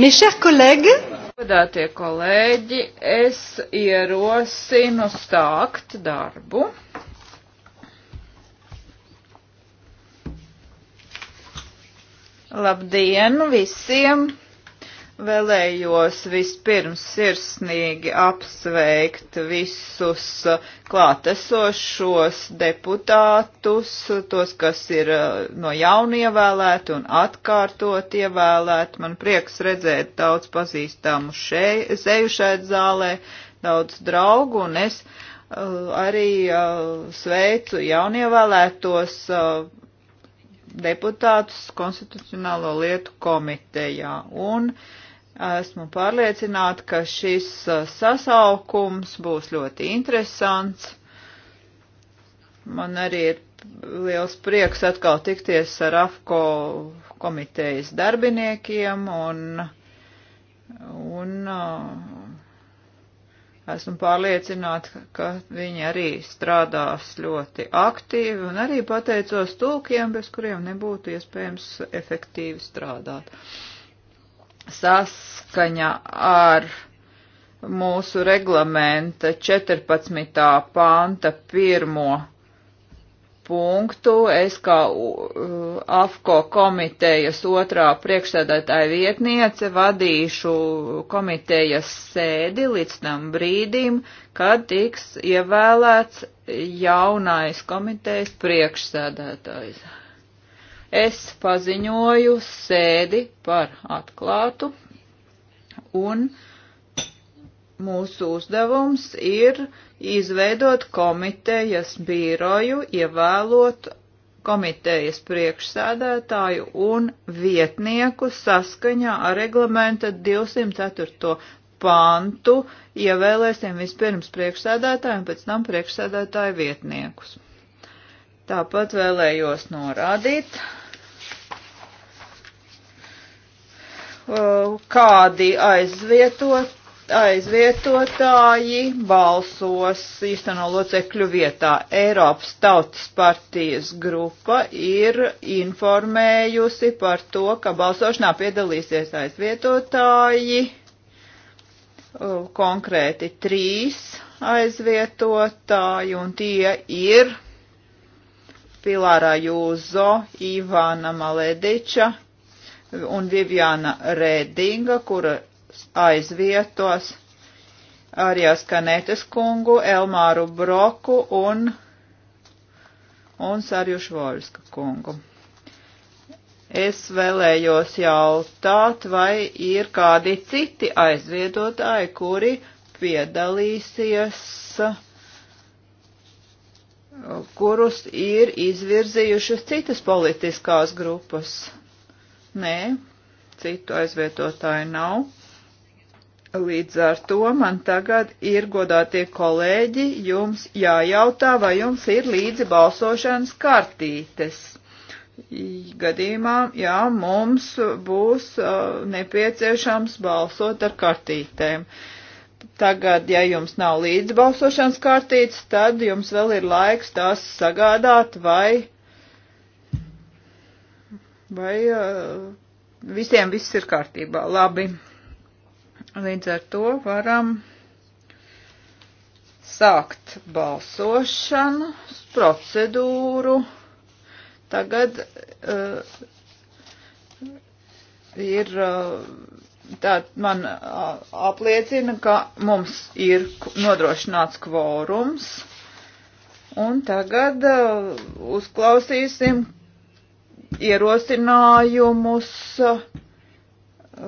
Mes chers collègues, Godātie kolēģi, es ierosinu sākt darbu. Labdien visiem! Vēlējos vispirms sirsnīgi apsveikt visus klātesošos deputātus, tos, kas ir uh, no jauna ievēlēti un atkārtot ievēlēti. Man prieks redzēt daudz pazīstamu seju šeit zālē, daudz draugu, un es uh, arī uh, sveicu jaunievēlētos uh, deputātus Konstitucionālo lietu komitejā. Un uh, Esmu pārliecināta, ka šis uh, sasaukums būs ļoti interesants. Man arī ir liels prieks atkal tikties ar AFCO komitejas darbiniekiem un, un uh, esmu pārliecināta, ka viņi arī strādās ļoti aktīvi un arī pateicos tulkiem, bez kuriem nebūtu iespējams efektīvi strādāt. Uh, saskaņa ar mūsu reglamenta 14. panta pirmo punktu. Es kā AFCO komitejas otrā priekšsēdētāja vietniece vadīšu komitejas sēdi līdz tam brīdim, kad tiks ievēlēts jaunais komitejas priekšsēdētājs. Es paziņoju sēdi par atklātu un mūsu uzdevums ir izveidot komitejas bīroju, ievēlot komitejas priekšsēdētāju un vietnieku saskaņā ar reglamenta 204. pantu ievēlēsim vispirms priekšsēdētāju un pēc tam priekšsēdētāju vietniekus. Tāpat vēlējos norādīt, Uh, kādi aizvietot aizvietotāji balsos īsteno locekļu vietā. Eiropas Tautas partijas grupa ir informējusi par to, ka balsošanā piedalīsies aizvietotāji, uh, konkrēti trīs aizvietotāji, un tie ir Pilārā Jūzo, Ivāna Malediča, un Viviana Rēdinga, kura aizvietos Arijas Kanetes kungu, Elmāru Broku un, un Sarjušu Voļska kungu. Es vēlējos jautāt, vai ir kādi citi aizviedotāji, kuri piedalīsies, kurus ir izvirzījušas citas politiskās grupas. Nē, citu aizvietotāju nav. Līdz ar to man tagad ir godātie kolēģi, jums jājautā, vai jums ir līdzi balsošanas kartītes. Gadījumā, jā, mums būs uh, nepieciešams balsot ar kartītēm. Tagad, ja jums nav līdzi balsošanas kartītes, tad jums vēl ir laiks tās sagādāt vai Vai eh, visiem viss ir kārtībā? Labi. Līdz ar to varam sākt balsošanu, procedūru. Tagad uh, ir uh, tā man uh, apliecina, ka mums ir nodrošināts kvorums. Un tagad uh, uzklausīsim ierosinājumus uh,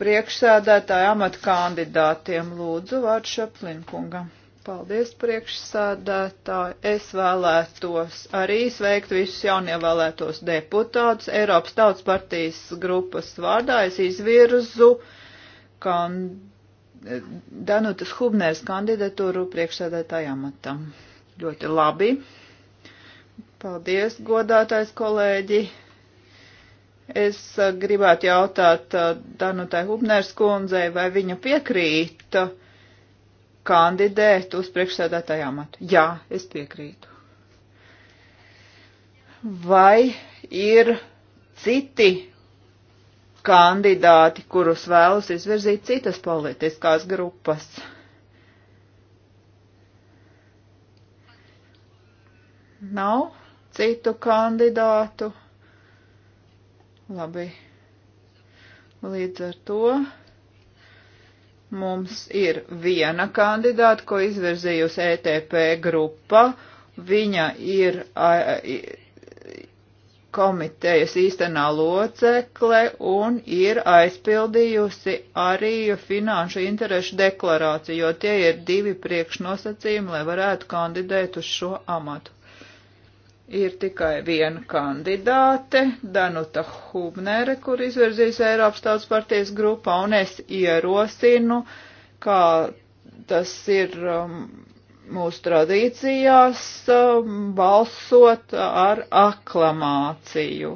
priekšsēdētāja amata kandidātiem. Lūdzu, vārds Šaplinkungam. Paldies, priekšsādātāji. Es vēlētos arī sveikt visus jaunievēlētos deputātus. Eiropas Tautas partijas grupas vārdā es izvirzu kan... Danutas Hubners kandidatūru priekšsādātāja amatam. Ļoti labi. Paldies, godātais kolēģi. Es uh, gribētu jautāt uh, Danutai Hubners kundzei, vai viņa piekrīt uh, kandidēt uz priekšsēdētāju amatu. Jā, es piekrītu. Vai ir citi kandidāti, kurus vēlas izvirzīt citas politiskās grupas. Nav? citu kandidātu. Labi. Līdz ar to mums ir viena kandidāta, ko izvirzījusi ETP grupa. Viņa ir komitejas īstenā locekle un ir aizpildījusi arī finanšu interešu deklarāciju, jo tie ir divi priekšnosacījumi, lai varētu kandidēt uz šo amatu ir tikai viena kandidāte, Danuta Hubnere, kur izvirzīs Eiropas tautas partijas grupā, un es ierosinu, kā tas ir um, mūsu tradīcijās, um, balsot ar aklamāciju.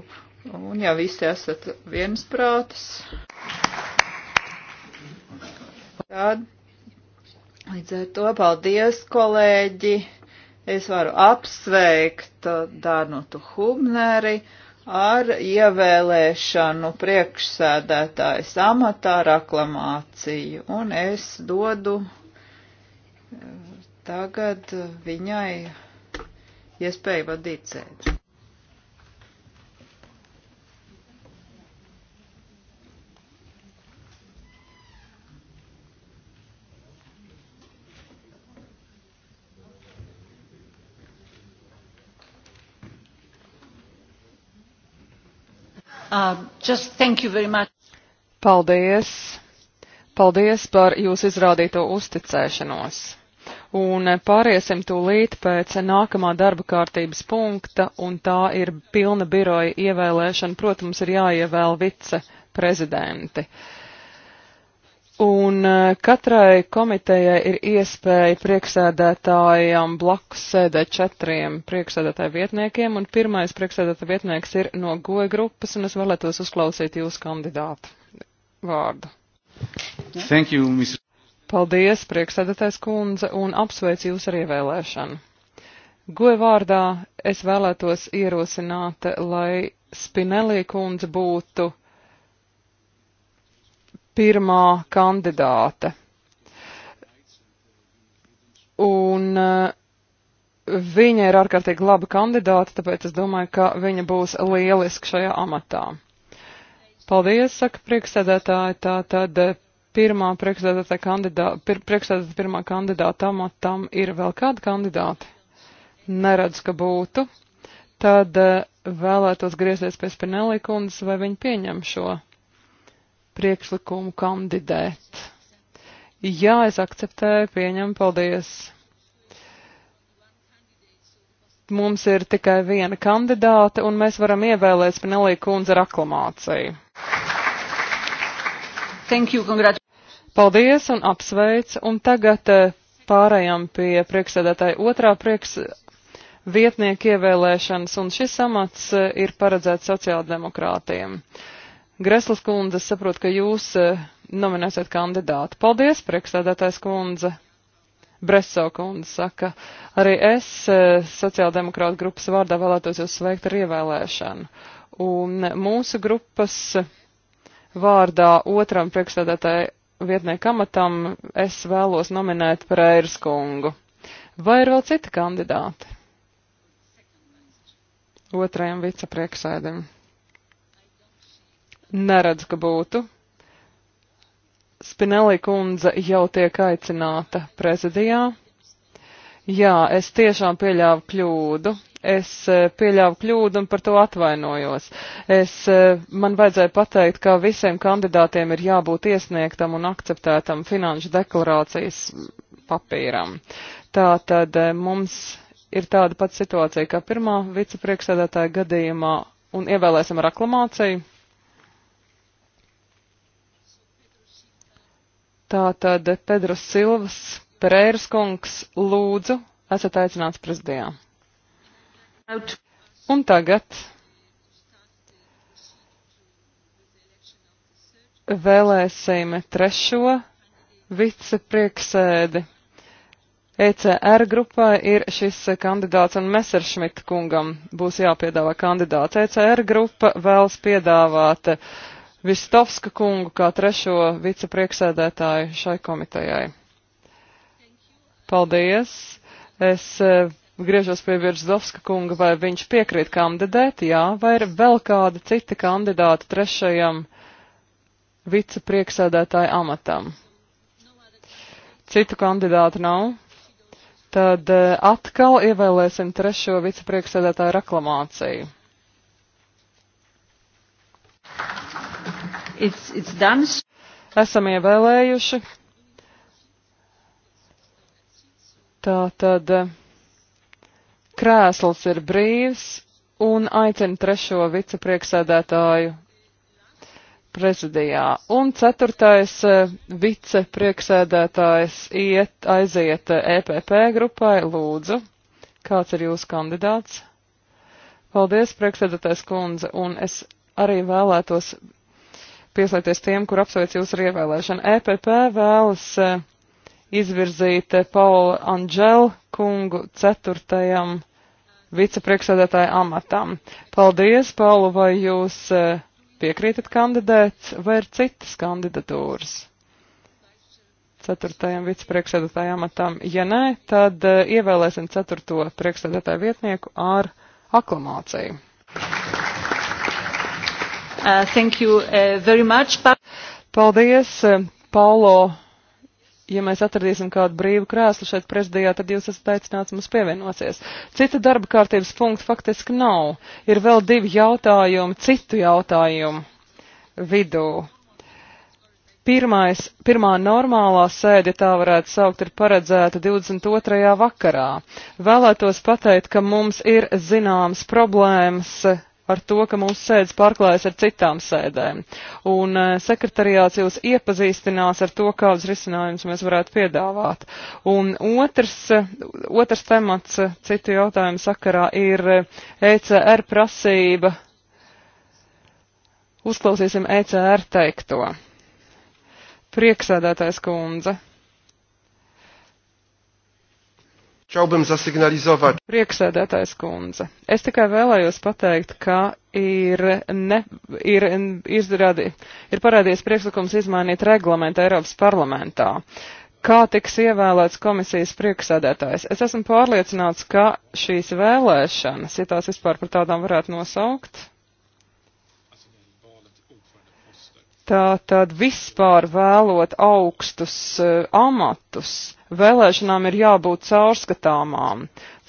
Un ja visi esat viensprātis, tad līdz ar to paldies, kolēģi! Es varu apsveikt uh, Danutu Hubneri ar ievēlēšanu priekšsēdētājas amatā ar aklamāciju, un es dodu uh, tagad viņai iespēju vadīt sēdi. Uh, just thank you very much. Paldies! Paldies par jūsu izrādīto uzticēšanos! Un pāriesim tūlīt pēc nākamā darba kārtības punkta, un tā ir pilna biroja ievēlēšana. Protams, ir jāievēl vice prezidenti. Uh, Un eh, katrai komitejai ir iespēja priekšsēdētājam blakus sēdēt četriem priekšsēdētāju vietniekiem, un pirmais priekšsēdētāja vietnieks ir no goja grupas, un es vēlētos uzklausīt jūsu kandidātu vārdu. Thank you, Mr. Paldies, priekšsēdētājs kundze, un apsveicu jūs ar ievēlēšanu. Goja vārdā es vēlētos ierosināt, lai Spinelī kundze būtu pirmā kandidāte. Un eh, viņa ir ārkārtīgi laba kandidāte, tāpēc es domāju, ka viņa būs lieliska šajā amatā. Paldies, saka priekšsēdētāji, tā tad eh, pirmā priekšsēdētāja kandidāta, pir, priekšsēdētāja pirmā kandidāta amatam ir vēl kāda kandidāta? Neredz, ka būtu. Tad eh, vēlētos griezties pie Spinelli kundzes, vai viņa pieņem šo priekšlikumu kandidēt. Jā, es akceptēju, pieņem, paldies. Mums ir tikai viena kandidāte, un mēs varam ievēlēt Spinelī kundzi ar aklamāciju. Thank you, congrats. Paldies un apsveic, un tagad eh, pārējām pie priekšsēdētāja otrā prieks vietnieka ievēlēšanas, un šis amats eh, ir paredzēts sociāldemokrātiem. Greslas kundze, saprot, ka jūs e, nominēsiet kandidātu. Paldies, priekšstādātājs kundze. Breso kundze saka, arī es e, sociāldemokrāta grupas vārdā vēlētos jūs sveikt ar ievēlēšanu. Un mūsu grupas vārdā otram priekšstādātāju vietnieku amatam es vēlos nominēt Pereiras kungu. Vai ir vēl citi kandidāti? Otrajam vicepriekšsēdim. Neredz, ka būtu. Spinelli kundze jau tiek aicināta prezidijā. Jā, es tiešām pieļāvu kļūdu. Es e, pieļāvu kļūdu un par to atvainojos. Es, e, man vajadzēja pateikt, ka visiem kandidātiem ir jābūt iesniegtam un akceptētam finanšu deklarācijas papīram. Tātad e, mums ir tāda pati situācija kā pirmā vicepriekšsēdētāja gadījumā un ievēlēsim ar aklamāciju. Tātad Pedros Silvas Pereiras kungs lūdzu, esat aicināts prezidijā. Un tagad vēlēsim trešo viceprieksēdi. ECR grupai ir šis kandidāts un Messerschmitt kungam būs jāpiedāvā kandidāts. ECR grupa vēlas piedāvāt uh, Vistovska kungu kā trešo viceprieksēdētāju šai komitejai. Paldies! Es eh, griežos pie Virzdovska kunga, vai viņš piekrīt kandidēt, jā, vai ir vēl kāda cita kandidāta trešajam viceprieksēdētāju amatam. Citu kandidātu nav. Tad eh, atkal ievēlēsim trešo viceprieksēdētāju reklamāciju. It's, it's done. Esam ievēlējuši. Tā tad eh, krēsls ir brīvs un aicina trešo vicepriekšsēdētāju prezidijā. Un ceturtais eh, vicepriekšsēdētājs iet, aiziet EPP grupai. Lūdzu, kāds ir jūsu kandidāts? Paldies, priekšsēdētājs kundze, un es arī vēlētos pieslēgties tiem, kur apsveic jūs ar ievēlēšanu. EPP vēlas eh, izvirzīt eh, Paulu Anģelu kungu ceturtajam vicepriekšsēdētāja amatam. Paldies, Paulu, vai jūs eh, piekrītat kandidēt, vai ir citas kandidatūras? Ceturtajam vicepriekšsēdētāja amatam. Ja nē, tad ievēlēsim ceturto priekšsēdētāju vietnieku ar aklamāciju. Uh, thank you uh, very much. Pa Paldies, uh, Paulo. Ja mēs atradīsim kādu brīvu krēslu šeit prezidijā, tad jūs esat aicināts mums pievienosies. Cita darba kārtības punkta faktiski nav. Ir vēl divi jautājumi, citu jautājumu vidū. Pirmais, pirmā normālā sēde, tā varētu saukt, ir paredzēta 22. vakarā. Vēlētos pateikt, ka mums ir zināmas problēmas par to, ka mūsu sēdes pārklājas ar citām sēdēm. Un eh, sekretariāts jūs iepazīstinās ar to, kādus risinājumus mēs varētu piedāvāt. Un otrs, otrs temats citu jautājumu sakarā ir ECR eh, e prasība. Uzklausīsim ECR teikto. Prieksēdētājs kundze. Chciałbym zasygnalizować. Prieksēdētājs kundze, es tikai vēlējos pateikt, ka ir, ne, ir, izradi, ir parādījies priekšlikums izmainīt reglamentu Eiropas parlamentā. Kā tiks ievēlēts komisijas prieksēdētājs? Es esmu pārliecināts, ka šīs vēlēšanas, ja tās vispār par tādām varētu nosaukt, Tā tad vispār vēlot augstus uh, amatus, vēlēšanām ir jābūt caurskatāmām.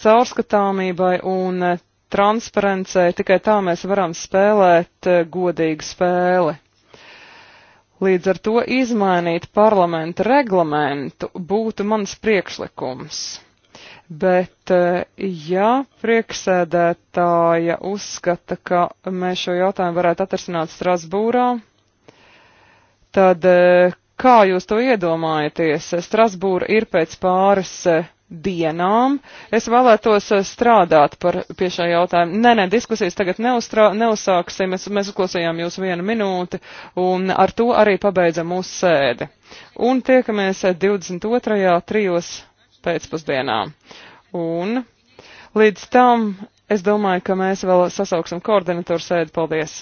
Caurskatāmībai un uh, transparencei tikai tā mēs varam spēlēt uh, godīgu spēli. Līdz ar to izmainīt parlamenta reglamentu būtu mans priekšlikums. Bet, ja prieksēdētāja uzskata, ka mēs šo jautājumu varētu atrasināt Strasbūrā, Tad eh, kā jūs to iedomājaties? Strasbūra ir pēc pāris eh, dienām. Es vēlētos eh, strādāt par, pie šā jautājuma. Nē, nē, diskusijas tagad neustrā, neuzsāksim. Mēs, mēs uzklausījām jūs vienu minūti un ar to arī pabeidzam mūsu sēdi. Un tiekamies 22. trijos pēcpusdienā. Un līdz tam es domāju, ka mēs vēl sasauksim koordinatoru sēdi. Paldies!